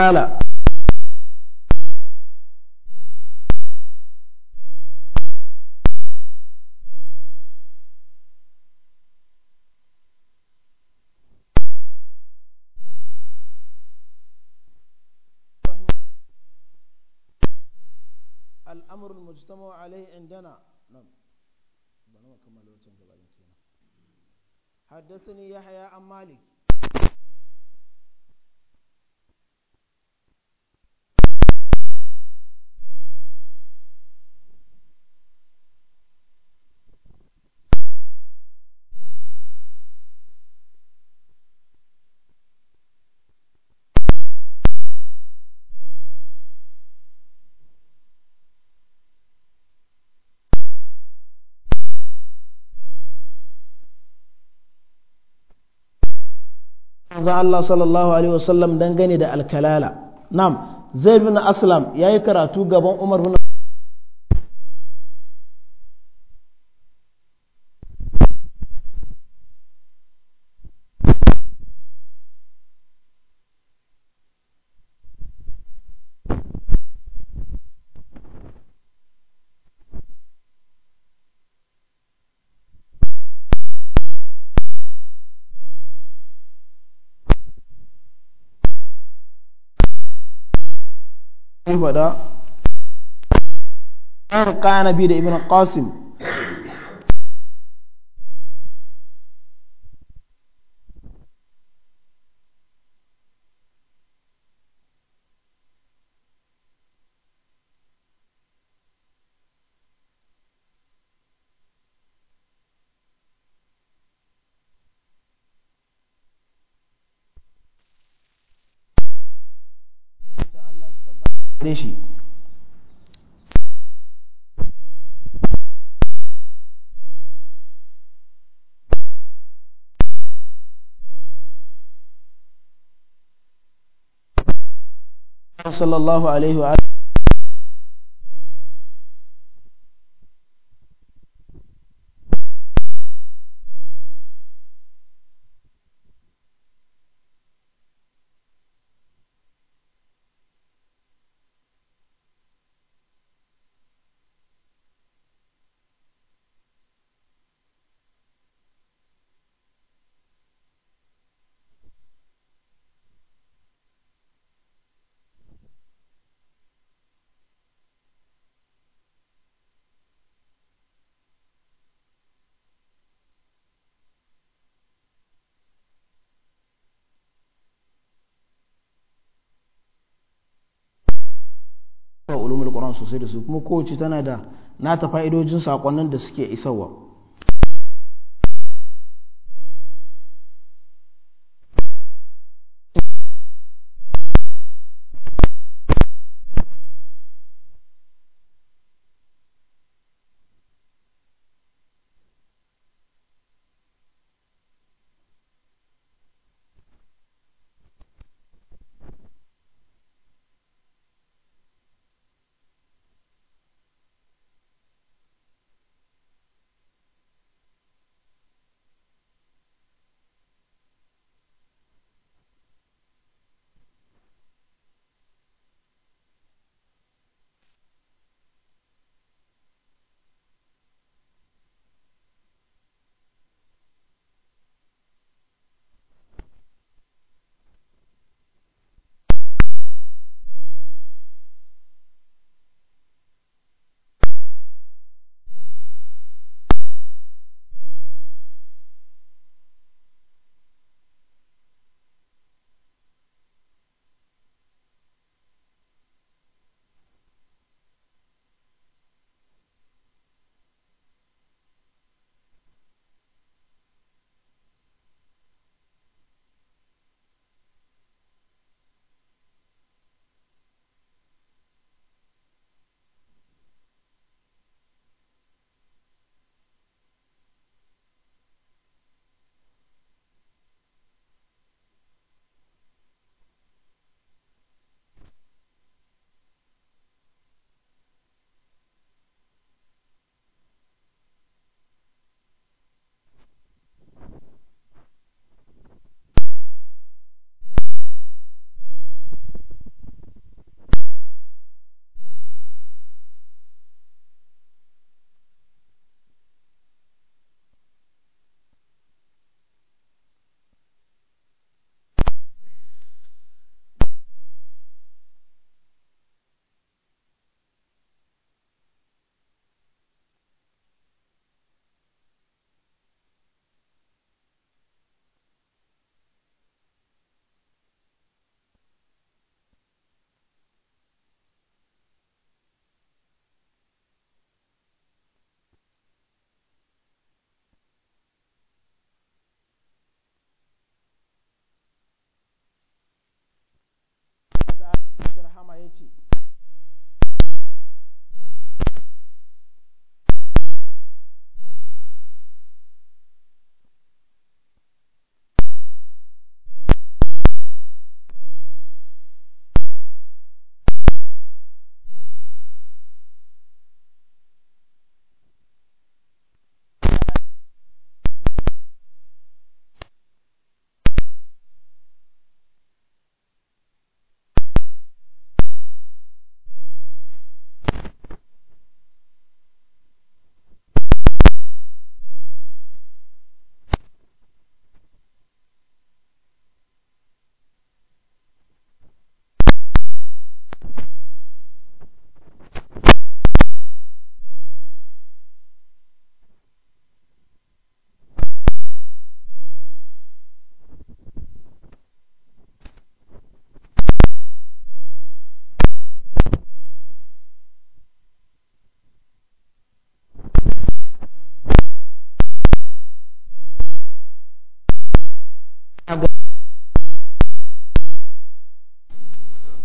تعالى الأمر المجتمع عليه عندنا نعم حدثني يحيى عن مالك manzo Allah sallallahu alaihi wasallam dangane da alkalala nam zaid bin aslam ya yi karatu gaban umar bin ايه بدا كان بيد ابن القاسم صلى الله عليه وآله ulumul qur'an sosai da su kuma kowace tana da nata fa'idojin sakonnin da suke isarwa Merci.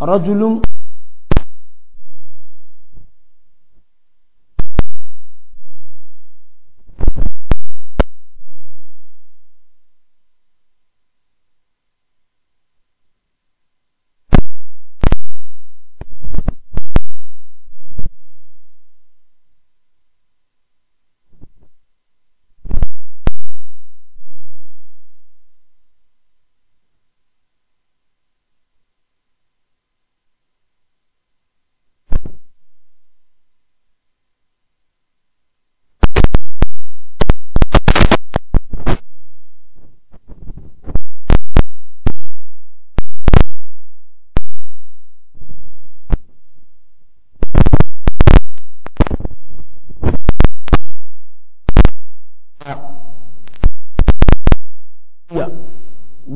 رجل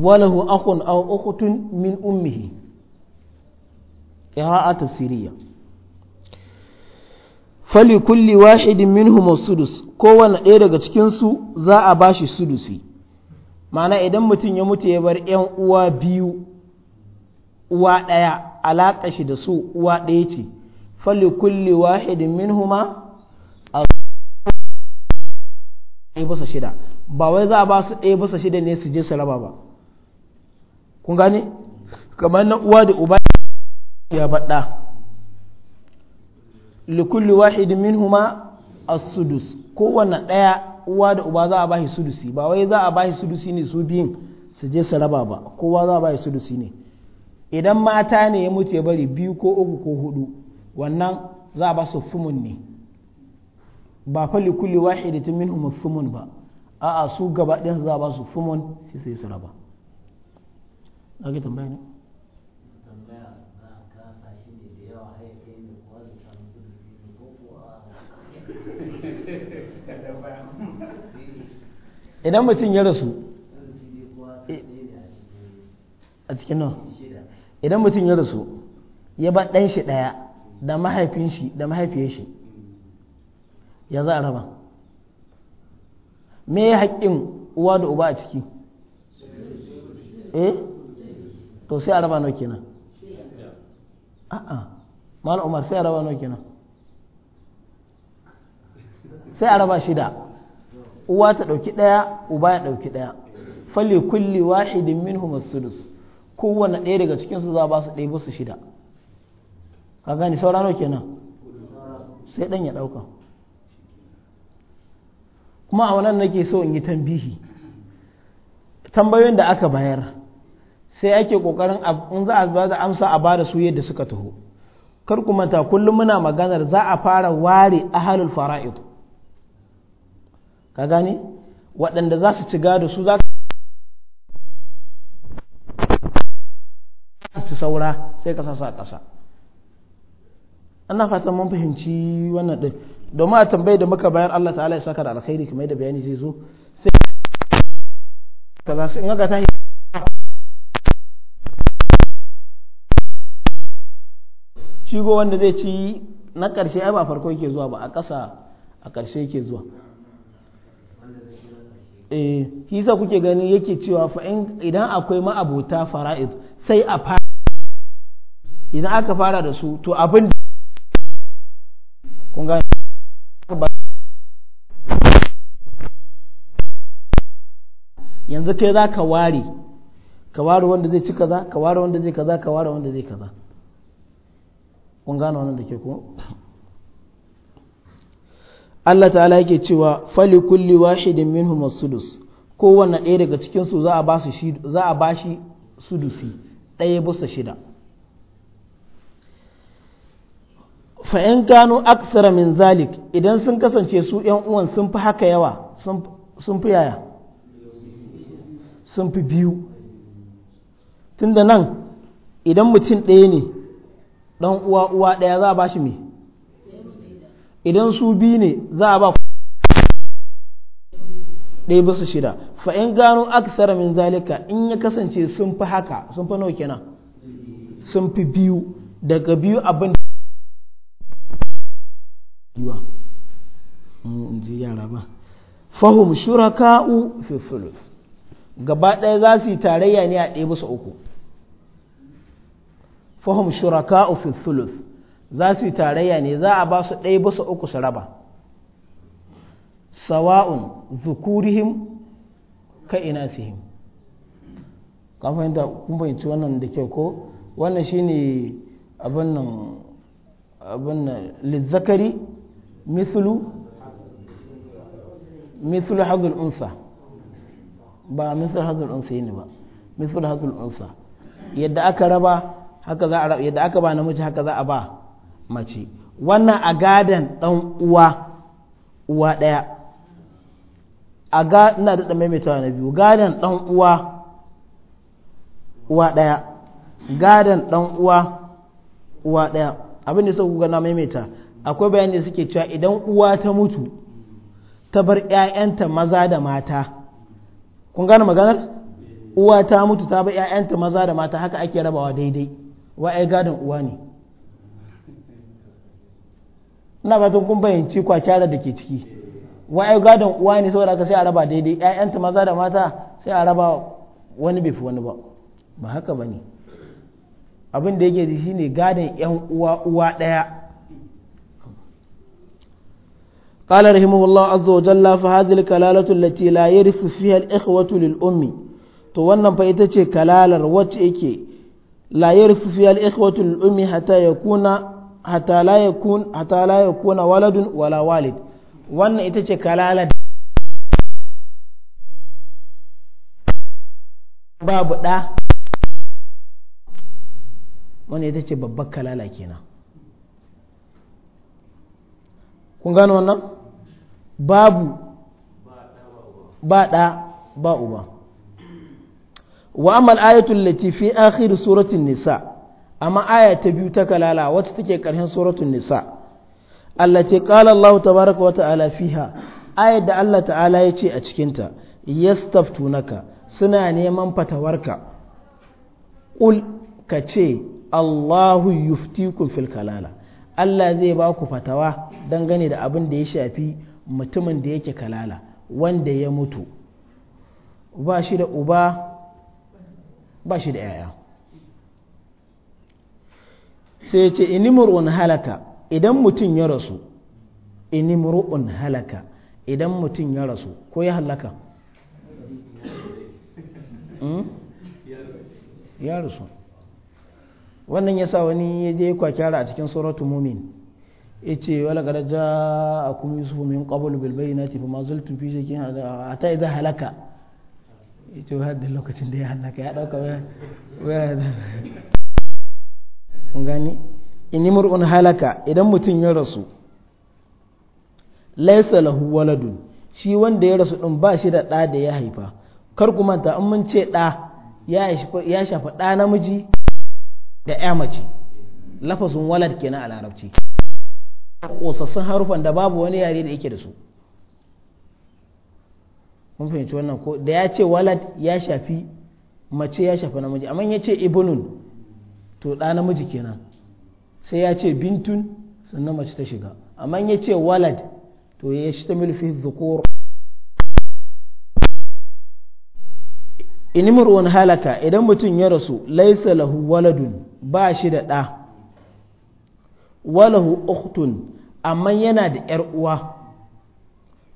walahu akhun aw ukhtun min ummihi qira'atu siriyya fali kulli wahidin minhum sudus kowanne ɗaya daga cikin su za a bashi sudusi ma'ana idan mutum ya mutu ya bar yan uwa biyu uwa ɗaya alaƙa shi da su uwa ɗaya ce fali kulli wahidin minhuma ɗaya shida ba wai za a ba su ɗaya bisa shida ne su je su raba ba kun gane kamar na uwa da uba ya baɗa likulli wahidin huma as-sudus kowanne ɗaya uwa da uba za a bashi sudusi ba wai za a bashi sudusi ne su biyun su je su raba ba kowa za a bashi sudusi ne idan mata ne ya mutu ya bari biyu ko uku ko hudu wannan za a ba su fumun ne ba fa likulli wahidatin as-sumun ba a'a su gaba ɗaya za a ba su fumun sai sai su raba ake tambaya ne idan mutum ya rasu a cikin nan idan mutum ya rasu ya ba ɗan shi ɗaya da mahaifin shi da mahaifiyar shi ya za a raba me ya haƙƙin uwa da uba a ciki eh to sai a raba nawa kenan a'a mal umar sai a nawa kenan sai a shida uwa ta dauki daya uba ya dauki daya fali kulli wahidin minhum as-sudus kowanne ɗaya daga cikin su za ba su ɗaya su shida ka gani saura nawa kenan sai dan ya dauka kuma a wannan nake so in yi tambihi tambayoyin da aka bayar sai ake kokarin in za a ba da amsa a ba da su yadda suka taho kar ku manta kullum muna maganar za a fara ware ahalul fara'id ka gane waɗanda za su ci gado su za su ci saura sai ka sa a ƙasa ana fatan mun fahimci wannan ɗin domin a tambayi da muka bayar Allah ta'ala ya saka da alkhairi kuma da bayani zai zo sai ka za su in ga ta shigo wanda zai ci na ƙarshe ai ba farko yake zuwa ba a ƙasa a ƙarshe yake zuwa eh kisa kuke gani yake cewa fa idan akwai ma'abuta fara'id sai a fara idan aka fara da su to abin da kun gani yanzu kai za ka ware ka ware wanda zai ci kaza ka ware wanda zai kaza ka ware wanda zai kaza kun gano wannan da ke ku Allah ta'ala yake cewa fali kulli wahidin minhum as-sudus kowanne ɗaya daga cikin su za a ba su za a bashi sudusi ɗaya bisa shida fa in gano aksara min zalik idan sun kasance su yan uwan sun fi haka yawa sun fi yaya sun fi biyu tunda nan idan mutum ɗaya ne dan uwa uwa ɗaya za a ba shi me idan su biyu ne za a ba ɗaya bisa shida fa in gano aksara min zalika in ya kasance sun fi haka sun fi nauke na sun fi biyu daga biyu abin yiwa in ji yara ba fahim shuraka'u fi gaba ɗaya za su yi tarayya ne a ɗaya bisa uku fahim shuraka fi thuluth za su yi tarayya ne za a ba su ɗaya bisa uku su raba sawa'un zukurihim ka inasihim kan fahimta kun fahimci wannan da kyau ko wannan shine abin nan abin nan lizzakari mithlu mithlu hadhul unsa ba mithlu hadhul unsa ne ba mithlu hadhul unsa yadda aka raba haka za a yadda aka ba namiji haka za a ba mace wannan a gadan ɗan uwa uwa ɗaya. a ga na daɗa maimaitawa na biyu gadan ɗan uwa uwa ɗaya. gadan ɗan uwa uwa ɗaya abin da suka na maimaita akwai bayan da suke cewa idan uwa ta mutu ta bar 'ya'yanta maza da mata kun gane maganar uwa ta mutu ta bar 'ya'yanta maza da mata haka ake rabawa daidai wa ai gadon uwa ne ina fatan kun bayyanci kwakyara da ke ciki wa ai gadon uwa ne saboda ka sai a raba daidai ƴaƴanta maza da mata sai a raba wani bai fi wani ba ba haka bane abin da yake shi ne gadon ƴan uwa uwa ɗaya قال رحمه الله عز وجل فهذه الكلالة التي لا يرث فيها الإخوة للأم تو wannan fa ita ce kalalar wacce yake لا يرث فيها الإخوة الأم حتى يكون حتى لا يكون حتى لا يكون ولد ولا والد وان إتشي كلالة باب دا وان ita باب كلالة كينا كون غانو gano wannan babu ba ɗa ba wa amma al-ayatu allati fi akhir surati nisa amma aya ta biyu ta kalala wacce take karshen suratul nisa allati qala Allah tabaaraka wa ta'ala fiha aya da Allah ta'ala ya ce a cikin ta yastaftunaka suna neman fatawarka qul ka ce Allahu yuftikum fil kalala Allah zai ba ku fatawa dangane da abin da ya shafi mutumin da yake kalala wanda ya mutu ba shi da uba ba shi da ‘ya'ya sai ce inimur'un halaka idan mutum ya rasu inimur'un halaka idan mutum ya rasu ko ya halaka hmm? ya rasu wannan ya sa wani ya je kwakyara a cikin suratu mumin ya ce wala gada ja a kuma yusufu min qablu bil bayyinati fa ma zultum fi a hatta idza halaka ito wayar lokacin da ya hallaka ya dauka gani inimur un halaka idan mutum ya rasu laisa lahu waladun shi wanda ya rasu ɗin ba shi da ɗa da ya haifa kar ku manta in mun ce ɗa ya shafa ɗa namiji da ya mace lafazin walad kenan a larabci ƙosassun harufan da babu wani yare da yake da su mun fahimci wannan ko da ya ce walad ya shafi mace ya shafi namiji amma ya ce ibnun to ɗa namiji kenan sai ya ce bintun sannan mace ta shiga amma ya ce walad to ya shi ta milfi zukur inimurwan halaka idan mutum ya rasu laisa lahu waladun ba shi da ɗa walahu uktun amma yana da ‘yar uwa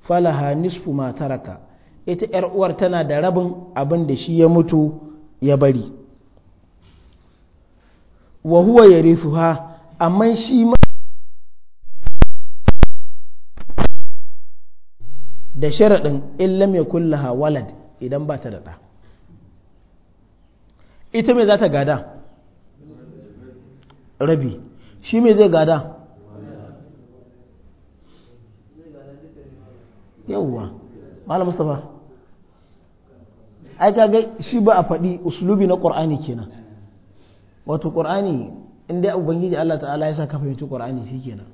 falaha nisfu ma taraka ita ‘yar uwar tana da rabin abin da shi ya mutu ya bari wa huwa ya ha amma shi ma da sharaɗin illam ya kullaha walad idan ba ta daɗa. ita mai za ta gada rabi shi mai zai gada Yawwa, Mala mustapha ai kaga shi ba a faɗi uslubi na qur'ani kenan wato qur'ani in dai ubangiji Allah ta'ala ya sa ka fahimci qur'ani kenan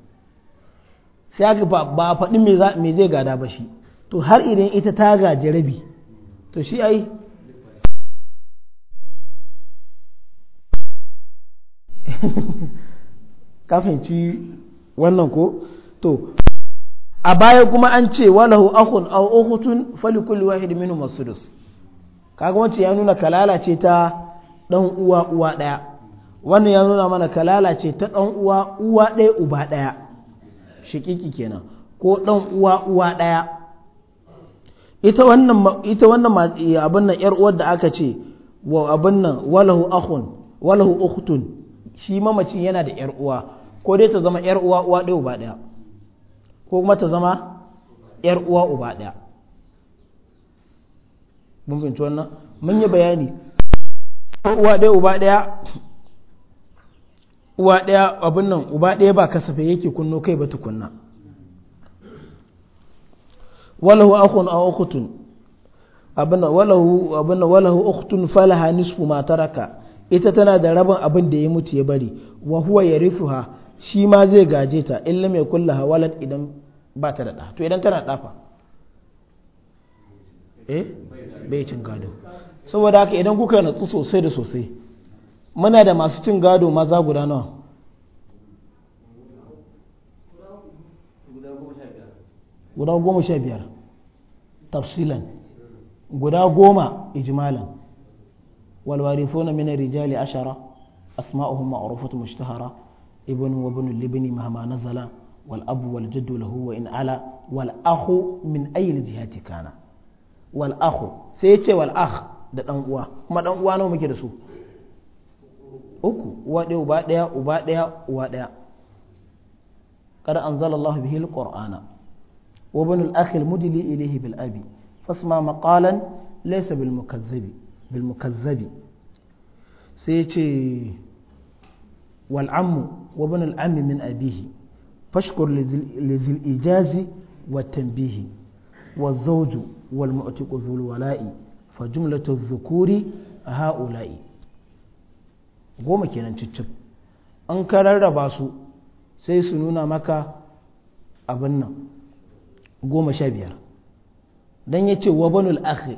sai aka ba a faɗi me zai gada ba shi to har idan ita ta gaji rabi to shi ai ka fahimci wannan ko to a baya kuma an ce walahu akun aw ukhtun falikul wahid minhum as kaga wancan ya nuna kalala ce ta dan uwa uwa daya wannan ya nuna mana kalala ce ta dan uwa uwa daya uba daya shikiki kenan ko dan uwa uwa daya ita wannan ita wannan eh, abin nan yar uwar da aka ce wa abin nan walahu akhun walahu ukhtun shi mamacin yana da yar uwa ko dai ta zama yar uwa uwa daya uba daya ko kuma ta zama yar uwa uba daya mun fahimci wannan mun yi bayani uwa ɗaya uba ɗaya uwa ɗaya abin nan uba ɗaya ba kasafai yake kunno kai ba tukunna walahu akhun aw ukhtun abinda walahu abinda walahu ukhtun falaha nisfu ma taraka ita tana da rabin abin da ya mutu ya bari wa huwa yarithuha shi ma zai gaje ta illa mai kullaha walad idan ba ta da ɗa to idan tana fa. eh bai cin gado saboda haka idan kuka natsu sosai da sosai muna da masu cin gado maza guda nawa guda goma sha biyar tafsilan guda goma ijimalan walwarifo fona mina rijali ashara asma'uhum ma'rufatu mushtahara ibnu wa ibnu libni mahama nazala wal abu wal lahu wa in ala wal min ayyi jihati kana wal sai yace wal akh da dan kuma dan uwa nawa muke da su uku uwa ɗaya uba ɗaya uba ɗaya uwa ɗaya kad anzala Allah bihi alqur'ana wa bunu al-akh al-mudli ilayhi bil fasma maqalan laysa bil sai yace wal ammu wa bunu al-am min abihi fashkur li ijazi wa tanbihi wa zawju wal mu'tiqu dhul wala'i fa jumlatu dhukuri ha'ula'i goma kenan cicci an ka rarraba su sai su nuna maka abin nan goma sha biyar don ya ce wa banul akhi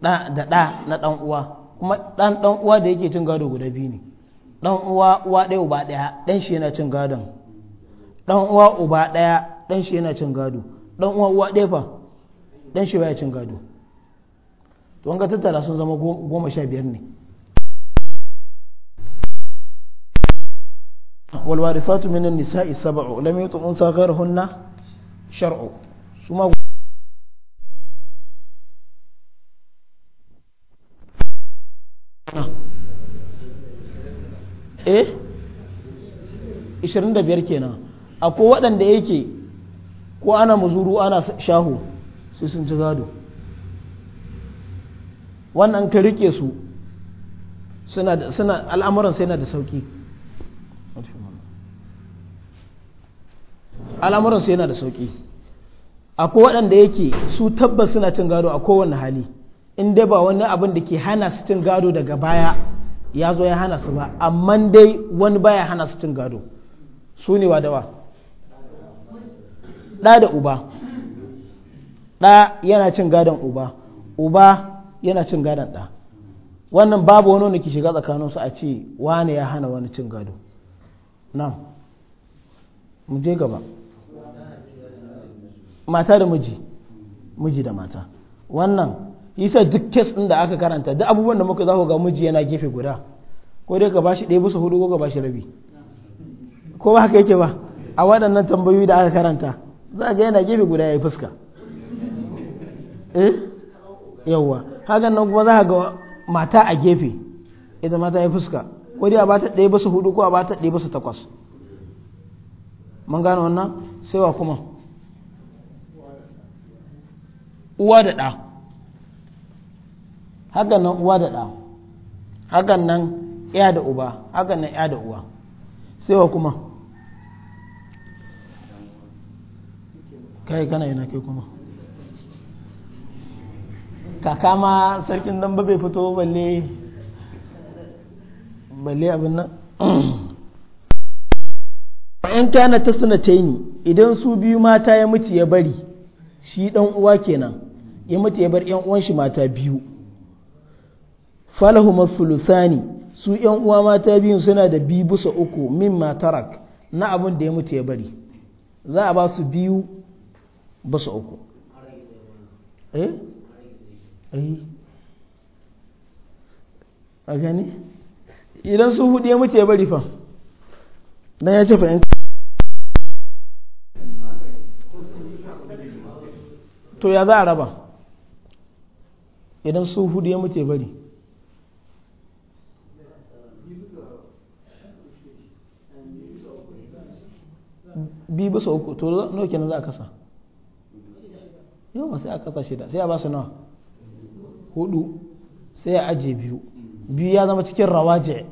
da da na ɗan uwa kuma ɗan ɗan uwa da yake cin gado guda biyu ne ɗan uwa uwa ɗaya uba ɗaya ɗan shi yana cin gadon ɗan uwa uba ɗaya ɗan shi yana cin gado dan uwa uwa ɗaya fa dan shi baya cin gado to an ga tattara sun zama goma sha biyar ne والوارثات من النساء سبع لم يطع أنثى غيرهن شرع ثم eh 25 kenan akwai waɗanda yake ko ana muzuru ana shahu sai sun ci gado wannan ka rike su al'amuran sai na da sauki al'amuran sai na da sauki akwai waɗanda yake su tabbas suna cin gado a kowane hali in dai ba wani abin da ke hana su cin gado daga baya ya zo ya hana su ba amma dai wani baya hana su cin gado su ne wa dawa ɗa da uba ɗa yana cin gadon uba uba yana cin gadon ɗa wannan babu wani wanda ke shiga tsakaninsu a ce wane ya hana wani cin gado nan mu je gaba mata da miji miji da mata wannan isa duk kes ɗin da aka karanta duk abubuwan da muka za ku ga miji yana gefe guda ko dai ka bashi ɗaya bisa hudu ko ka bashi rabi ko ba haka yake ba a waɗannan tambayoyi da aka karanta za ga yana gefe guda ya yi fuska eh? yauwa yawwa hakan nan kuma za ga mata a gefe ita mata ya fuska ko dai a bata ɗaya basu hudu ko a bata ɗaya basu takwas mun gano wannan sai wa kuma uwa da ɗa hakan nan uwa da ɗa hakan nan ya da uba hakan nan ya da uwa sai wa kuma kai kana yana kai kuma kaka ma sarkin dan bai fito balle balle abin nan in kana ta taini idan su biyu mata ya mutu ya bari shi dan uwa kenan ya mutu ya bar yan uwan shi mata biyu falahu masulusani su yan uwa mata biyun suna da biyu bisa uku min matarak na abin da ya mutu ya bari za a ba su biyu su uku eh? a gani idan su hudu ya mutu ya bari fa dan ya ce fa'in to ya za a raba idan su hudu ya mutu ya bari bi bisa uku to nawa kenan za a kasa ma sai a kasa shida sai a ba nawa hudu sai a aje biyu biyu ya zama cikin rawaje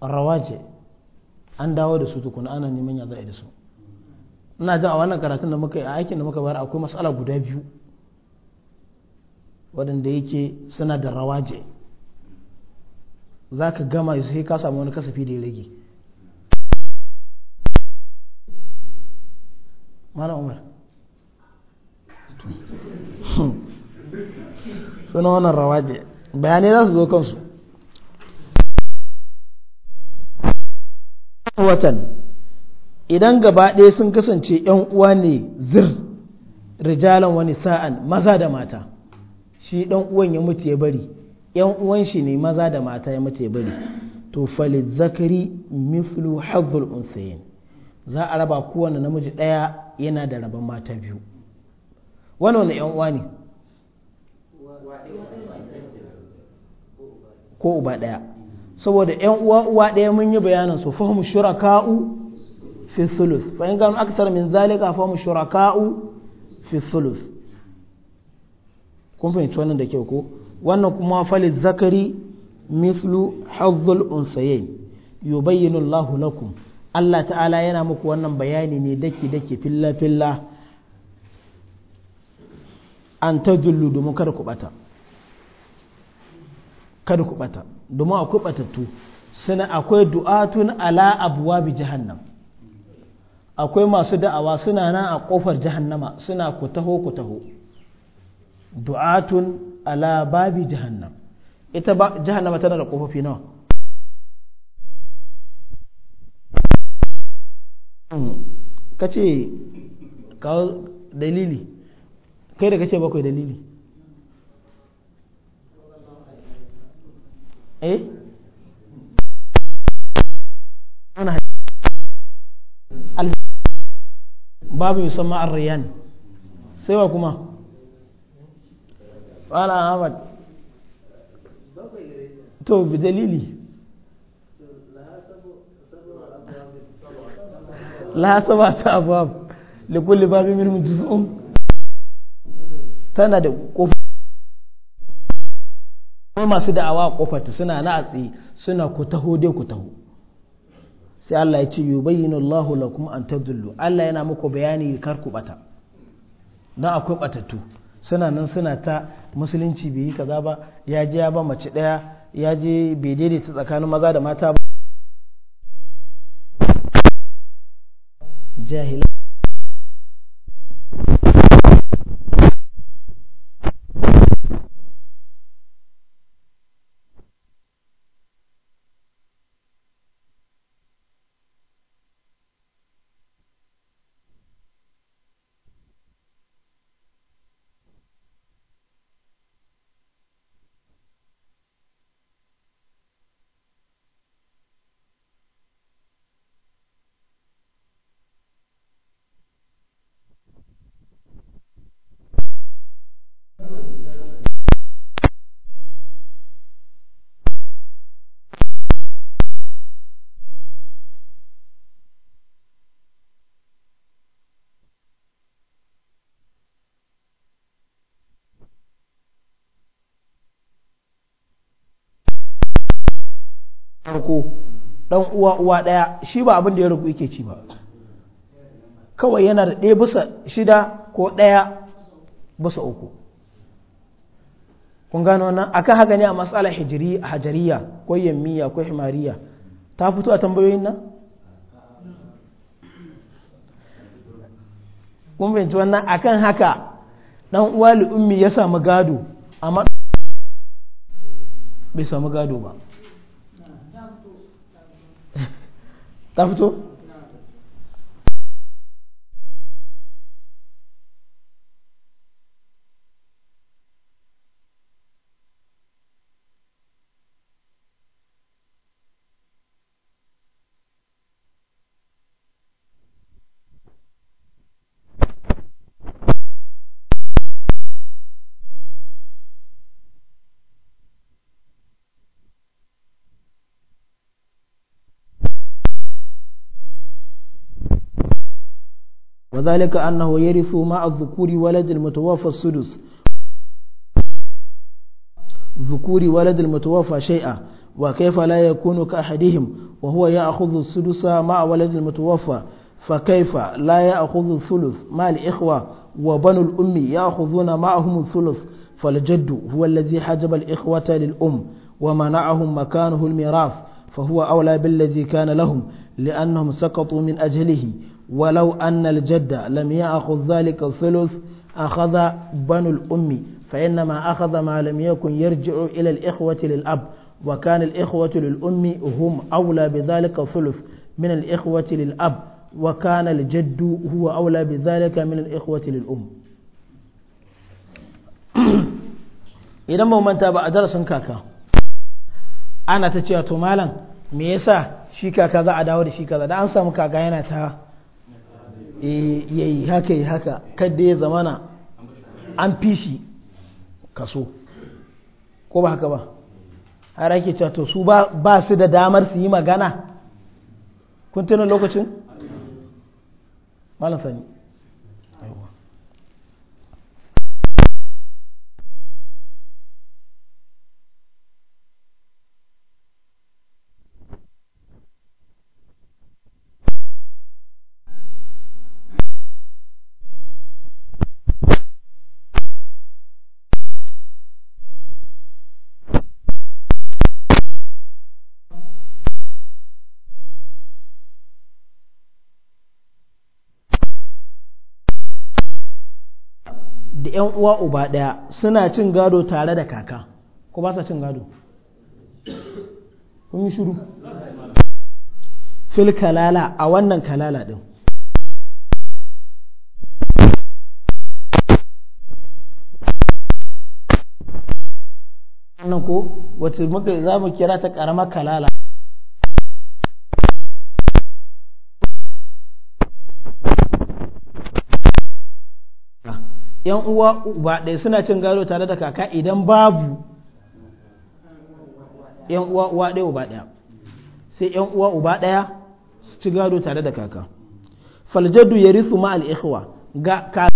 rawaje an dawo da su tukuna ana neman ya za'a da su ina jin a wannan karatun da muka yi a aikin da muka bayar akwai matsala guda biyu waɗanda yake suna da rawaje za ka gama sai ka samu wani kasafi da ya rage mana umar suna wannan rawaje bayanai za su zo kansu watan idan gaba ɗaya sun kasance ‘yan uwa ne zir rijalan wani sa'an maza da mata shi ɗan uwan ya mutu ya bari ‘yan uwan shi ne maza da mata ya mutu ya bari to falid zakari miflu hazzul unsayin za a raba kowane namiji ɗaya yana da rabon mata biyu wani wani yan uwa ne ko uba ɗaya saboda yan uwa uwa ɗaya mun yi bayanin su fahimu shuraka'u fi thuluth fa aksar gano aktar min zalika fahimu shuraka'u fi kun fahimci wannan da kyau ko wannan kuma falit zakari mislu hadzul unsayain yubayyinu Allahu lakum Allah ta'ala yana muku wannan bayani ne daki-daki filla-filla an ta zullu domin kada ku bata kada ku bata domin akwai batattu suna akwai du'atun ala abuwa bi jahannam akwai masu da'awa suna nan a kofar jahannama suna ku taho ku taho du'atun ala babi jahannam ita ba jahannama tana da kofofi nawa ka ce dalili kai da kace ce bakwai dalili eh ana babu ar-riyan sai wa kuma wala ahmad to bi dalili la sabata abwab li kulli babin minhum juz'un tana da kofa masu da'awa kofarta suna na atsi suna ku taho dai ku taho sai Allah ya ce yubayyinu Allahu lakum an tadullu Allah yana muku bayani kar ku bata dan akwai batattu suna nan suna ta musulunci bai yi kaza ba ya je ya ba mace daya ya je bai daidaita tsakanin maza da mata ba jahil farko dan uwa uwa daya shi ba abin da ya ragu yake ci ba kawai yana da ɗaya bisa shida ko ɗaya bisa uku kun gano nan akan haka ne a matsalar hajariya ko yammiya ko himariya ta fito a tambayoyin nan kun fahimci wannan akan haka dan uwa ummi ya samu gado amma bai samu gado ba ta fito وذلك أنه يرث مع الذكور ولد المتوفى السدس ذكور ولد المتوفى شيئا وكيف لا يكون كأحدهم وهو يأخذ السدس مع ولد المتوفى فكيف لا يأخذ الثلث مع الإخوة وبنو الأم يأخذون معهم الثلث فالجد هو الذي حجب الإخوة للأم ومنعهم مكانه الميراث فهو أولى بالذي كان لهم لأنهم سقطوا من أجله ولو أن الجد لم يأخذ ذلك الثلث أخذ بنو الأم فإنما أخذ ما لم يكن يرجع إلى الإخوة للأب وكان الإخوة للأم هم أولى بذلك الثلث من الإخوة للأب وكان الجد هو أولى بذلك من الإخوة للأم idan manta ba a darasin kaka ana ta cewa to malam me yasa shi kaka za a dawo da shi kaza da an samu kaka yana ta Eh, ya yi haka yi haka kada ya zamana an fi shi kaso ko ba haka ba har ake cewa to su ba su da damar su yi magana kun lokacin malam sani da yan uwa uba ɗaya suna cin gado tare da kaka ko ba sa cin gado kun yi shuru? fil kalala a wannan kalala ɗin wannan ko wacce muka za mu kira ta ƙarama kalala yan uwa uba ɗaya suna cin gado tare da kaka idan babu yan uwa uwa ɗaya uba ɗaya sai yan uwa uba ɗaya su ci gado tare da kaka faljadu ya risu ma al'ikhwa ga kaka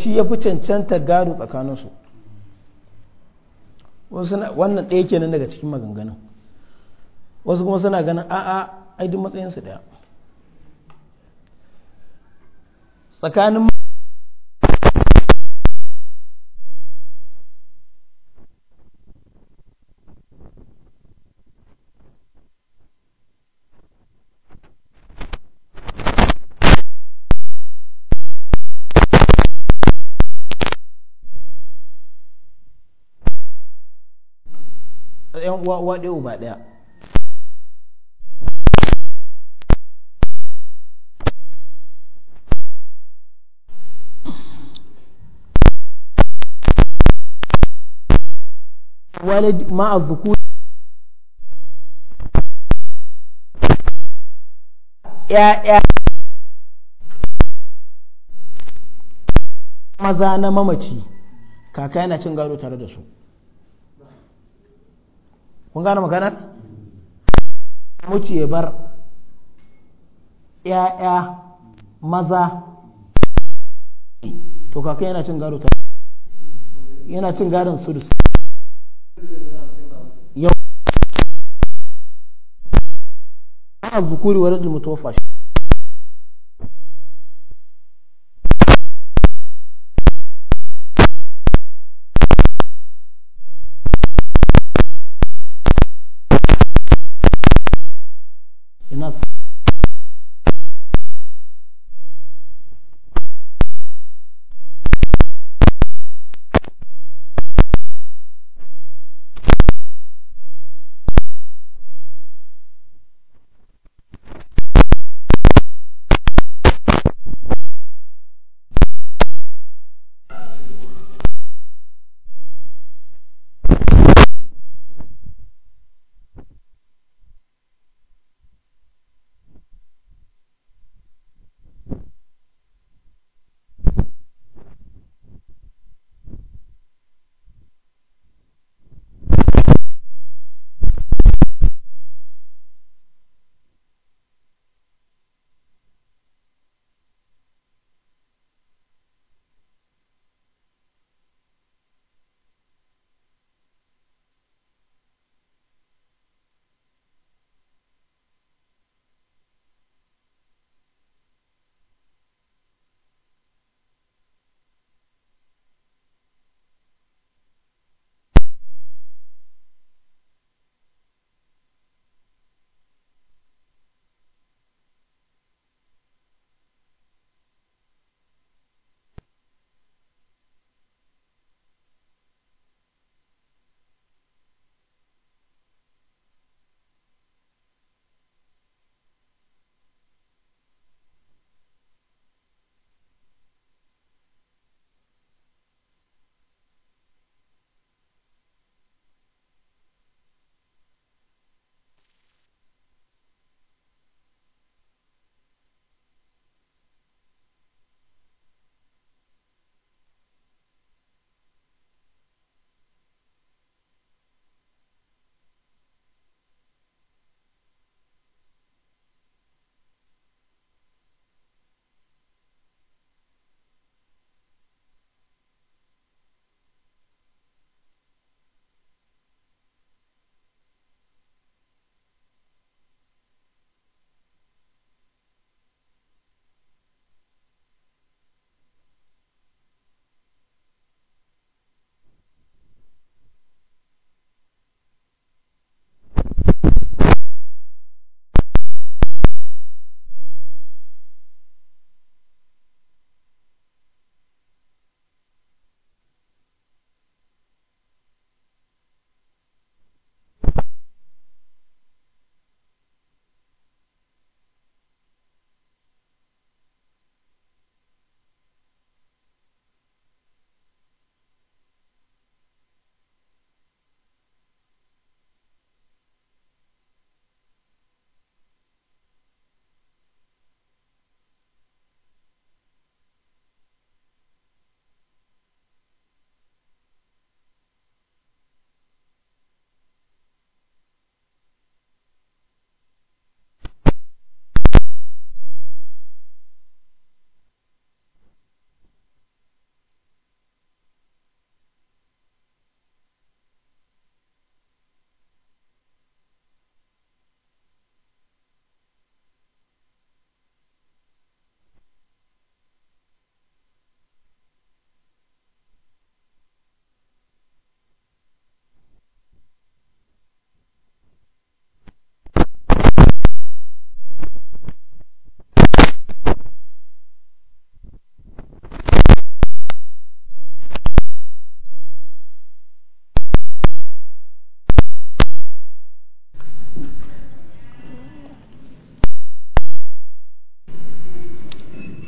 shi ya fi cancanta gado tsakaninsu wannan ɗaya kenan daga cikin maganganun wasu kuma suna ganin a'a a duk matsayin su daya tsakanin yan uwa uwa ɗaya uba ɗaya walid ma'a dhukuri ya'ya maza na mamaci kaka yana cin gado tare da su kun gane maganar muci ya bar ya'ya maza to kaka yana cin gado tare da su yana cin gadon su da su zukuri wa radul mutawaffa shi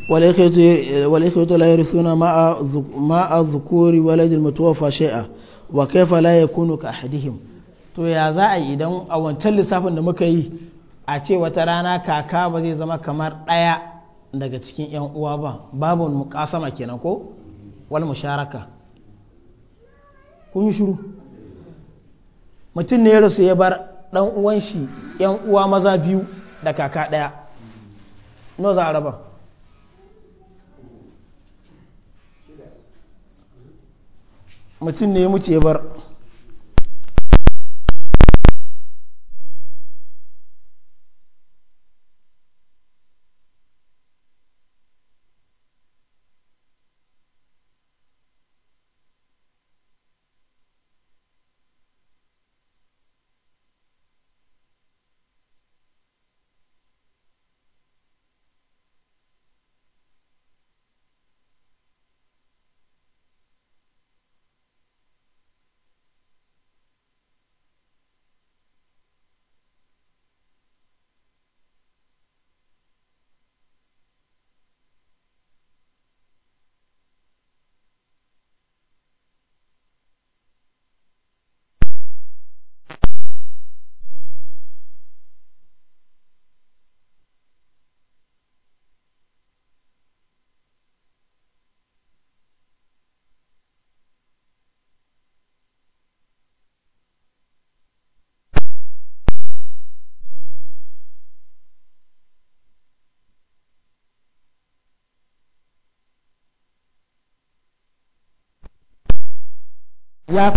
والإخوة لا يرثون مع مع الذكور ولد المتوفى شيئا وكيف لا ka كأحدهم to ya za a yi idan a wancan lissafin da muka yi a ce wata rana kaka ba zai zama kamar ɗaya daga cikin 'yan uwa ba babu ma kenan ko wal musharaka kun yi mutum ne ya rasu ya bar ɗan uwan shi 'yan uwa maza biyu da kaka ɗaya no za a raba mutum ne ya ya bar 我。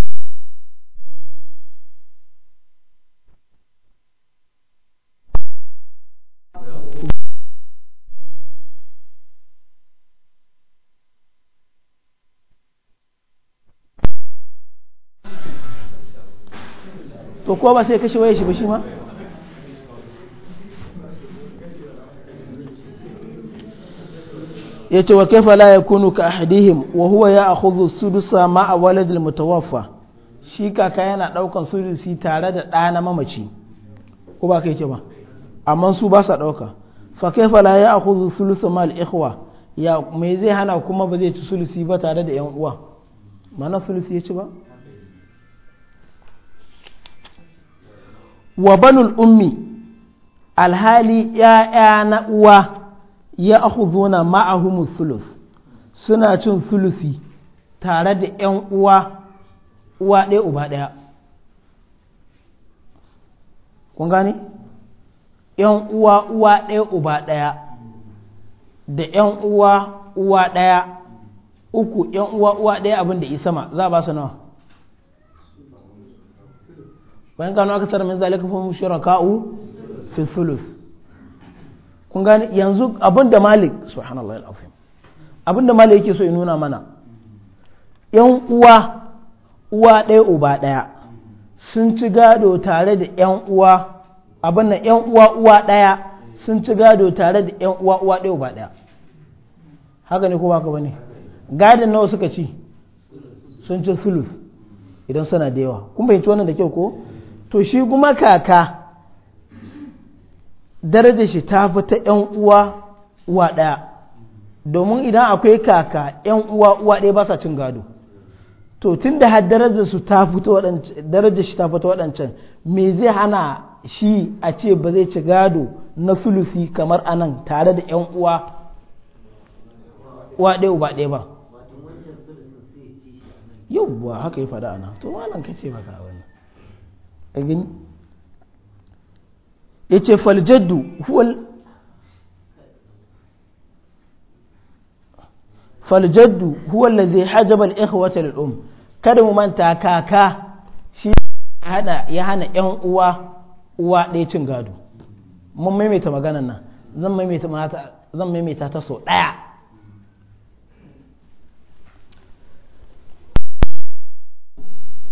我过万岁，可小我一时不行吗？ya ce wa kefa la ya kunu ka ahadihim wa huwa ya a su sudusa ma a walid mutawaffa shi kaka yana daukan sudusi tare da ɗa na mamaci ko ba yi ce ba amma su ba sa dauka fa kefa la ya a akhudhu sulusa ma al ya me zai hana kuma ba zai ci sulusi ba tare da yan uwa mana sulusi ya ci ba wa banul ummi alhali ya'ya na uwa ya akhuduna ma'ahumu sulus suna cin sulusi tare da ƴan uwa uwa ɗaya uba ɗaya kun gani? ƴan uwa uwa ɗaya uba ɗaya da ƴan uwa uwa ɗaya uku ƴan uwa uwa ɗaya abin da ma za a ba su nawa bayan gano aka tara min zalika fi mushiraka'u fi thuluth kun gane yanzu abinda malik subhanallah al'afim abinda malik yake so ya nuna mana yan uwa uwa ɗaya uba ɗaya sun ci gado tare da yan uwa abin yan uwa uwa ɗaya sun ci gado tare da yan uwa uwa ɗaya uba ɗaya haka ne ko ba ka bane gadin nawa suka ci sun ci sulus idan suna da yawa kun bai wannan da kyau ko to shi kuma kaka darajar shi ta fi ta ‘yan uwa uwa ɗaya domin idan akwai kaka ‘yan uwa uwa ɗaya ba sa cin gado to tun da har darajar shi ta fi ta waɗancan me zai hana shi a ce ba zai ci gado na sulusi kamar anan tare da ‘yan uwa uwa ɗaya uba ɗaya ba ba haka yi faɗa ana to wannan kace ka wannan yace faljaddu jaddu huwal fal jaddu huwa alladhi hajaba al ikhwata lil um kada mu manta kaka shi hada ya hana yan uwa uwa ɗaya cin gado mun maimaita maganar nan zan maimaita mata zan maimaita ta so ɗaya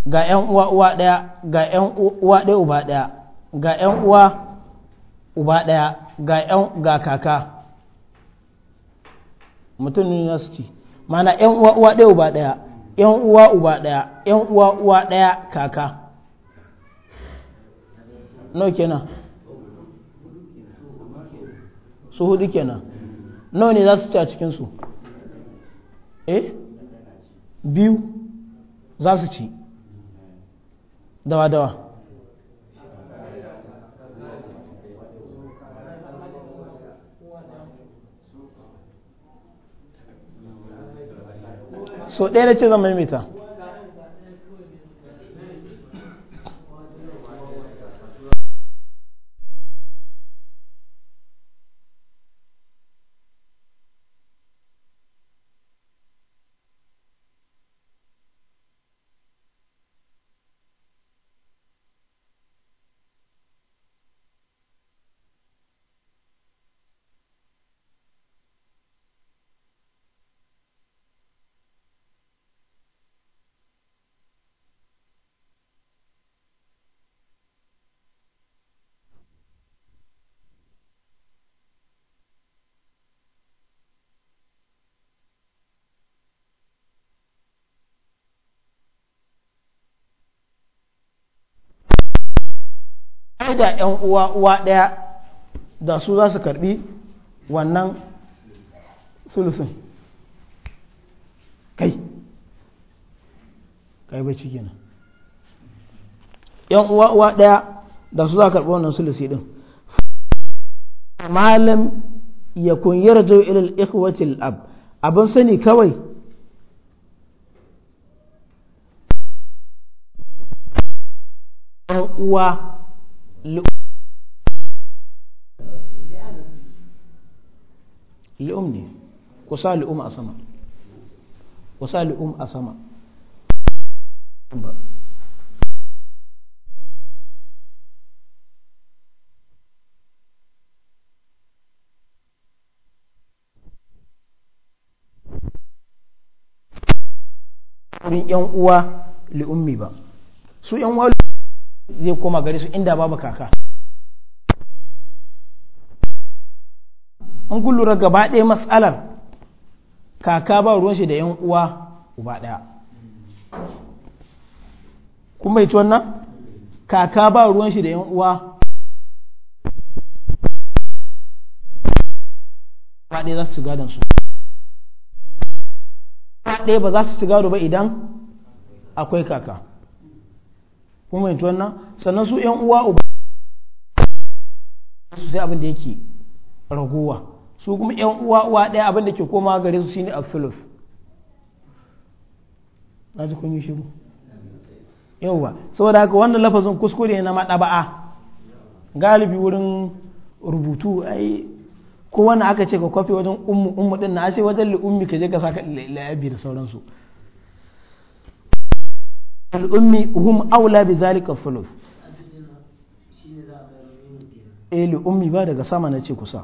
ga 'yan uwa uwa ɗaya ga 'yan uwa ɗaya uba ɗaya ga 'yan uwa uba ɗaya ga yan ga kaka mutum ci mana ƴan uwa uwa ɗaya uba ɗaya ƴan uwa uba ɗaya ƴan uwa uwa ɗaya kaka nawa kenan su hudu kenan nawa ne za su ci a cikinsu eh biyu za su ci dawa-dawa so ɗaya na ce zan maimaita da ‘yan uwa uwa ɗaya da su za su karbi wannan sulusun kai kai ciki kenan ‘yan uwa uwa ɗaya da su za su karbi wannan sulusi ɗin malam ya kunyar yarjo ilil ikwacin ab abin sani kawai uwa li'um ne ku sa li'um a sama ku sa li'um a sama wurin 'yan uwa li'ummi ba su 'yan uwa zai koma gare su inda babu kaka an kullura gaba ɗaya matsalar kaka ba ruwan shi da yan uwa uba ɗaya kun bai wannan kaka ba ruwan shi da yan uwa ba ɗaya za su gadon su ba ɗaya ba za su ci ba idan akwai kaka kuma yanci wannan sannan su yan uwa uba su sai abin da yake ragowa su kuma yan uwa uwa ɗaya abin da ke koma gare su shine afilof na ji kun yi shiru yauwa saboda haka wannan lafazin kuskure na maɗaba'a galibi wurin rubutu ai ko wanda aka ce ka kwafi wajen ummu ummu din na ashe wajen li ummi ka je ka saka la'abi da sauransu al'ummi hum aula bi zalika fulus eh ummi ba daga sama na ce kusa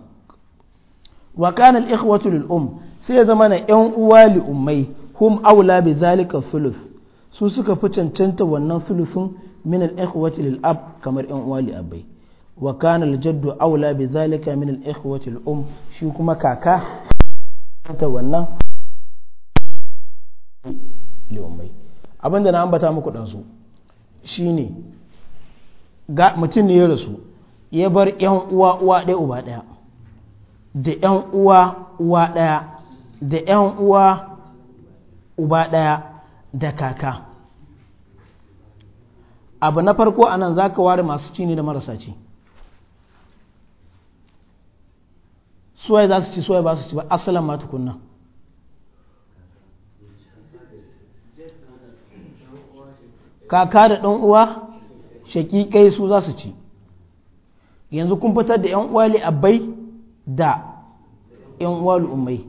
wa kana al ikhwatu lil um sai ya zama na yan uwa li ummai hum aula bi zalika fulus su suka fi cancanta wannan fulusun min al ikhwati lil ab kamar yan uwa li abai wa kana al jaddu aula bi zalika min al ikhwati lil um shi kuma kaka ta wannan li ummai abinda na ambata muku ɗansu shine ga mutum ne ya rasu ya bar yan uwa uwa ɗaya uba ɗaya da yan uwa uwa ɗaya da yan uwa uba ɗaya da kaka abu na farko anan za ka ware masu ci ne da marasa ci suwaye za su ci suwaye ba su ci ba asalin ma tukunna kaka da ɗan uwa shaƙiƙai su za su ci yanzu kun fitar da ‘yan uwa abai da ‘yan uwa lu'ummai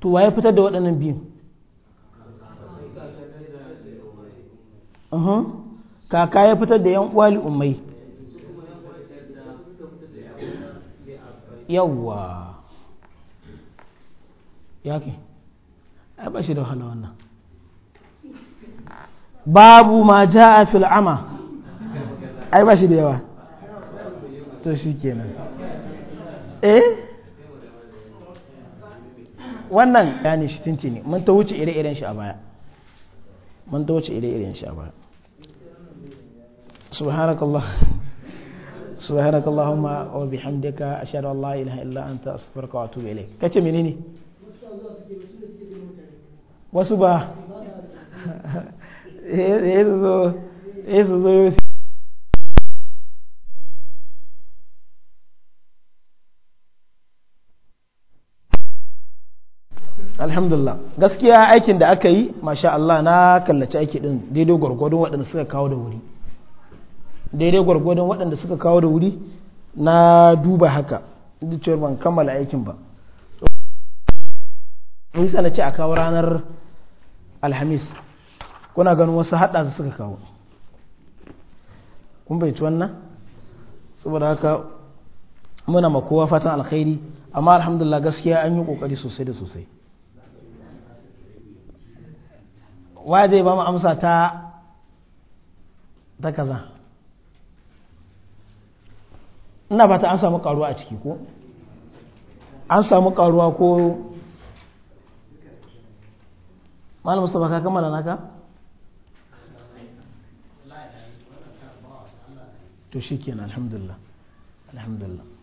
to waye fitar da waɗannan biyun kaka ya fitar da ‘yan uwa li'ummai yawwa yake ai ba shi da wahala wannan babu ma ja'a fil ama ai ba da yawa to shi kenan eh wannan ne shi tintini mun ta wuce ire-iren shi a baya mun ta wuce ire-iren shi a baya subhanakallah bihamdika ashhadu an la ilaha illa anta astaghfiruka wa atubu ilayk kace menene wasu ba sai su zo alhamdulillah gaskiya aikin da aka yi masha Allah na kallaci aiki din daidai gwargwadon waɗanda suka kawo da wuri daidai gwargwadon waɗanda suka kawo da wuri na duba haka duk cewar ban kammala aikin ba nisa na ce a kawo ranar alhamis kuna ganin wasu haɗa su suka kawo kun bai wannan saboda haka muna ma kowa fatan alkhairi amma alhamdulillah gaskiya an yi kokari sosai da sosai wa zai ba mu amsa ta ta kaza ina ba ta an samu karuwa a ciki ko an samu karuwa ko malam mustapha ka kammala naka توشيكينا يعني، الحمد لله الحمد لله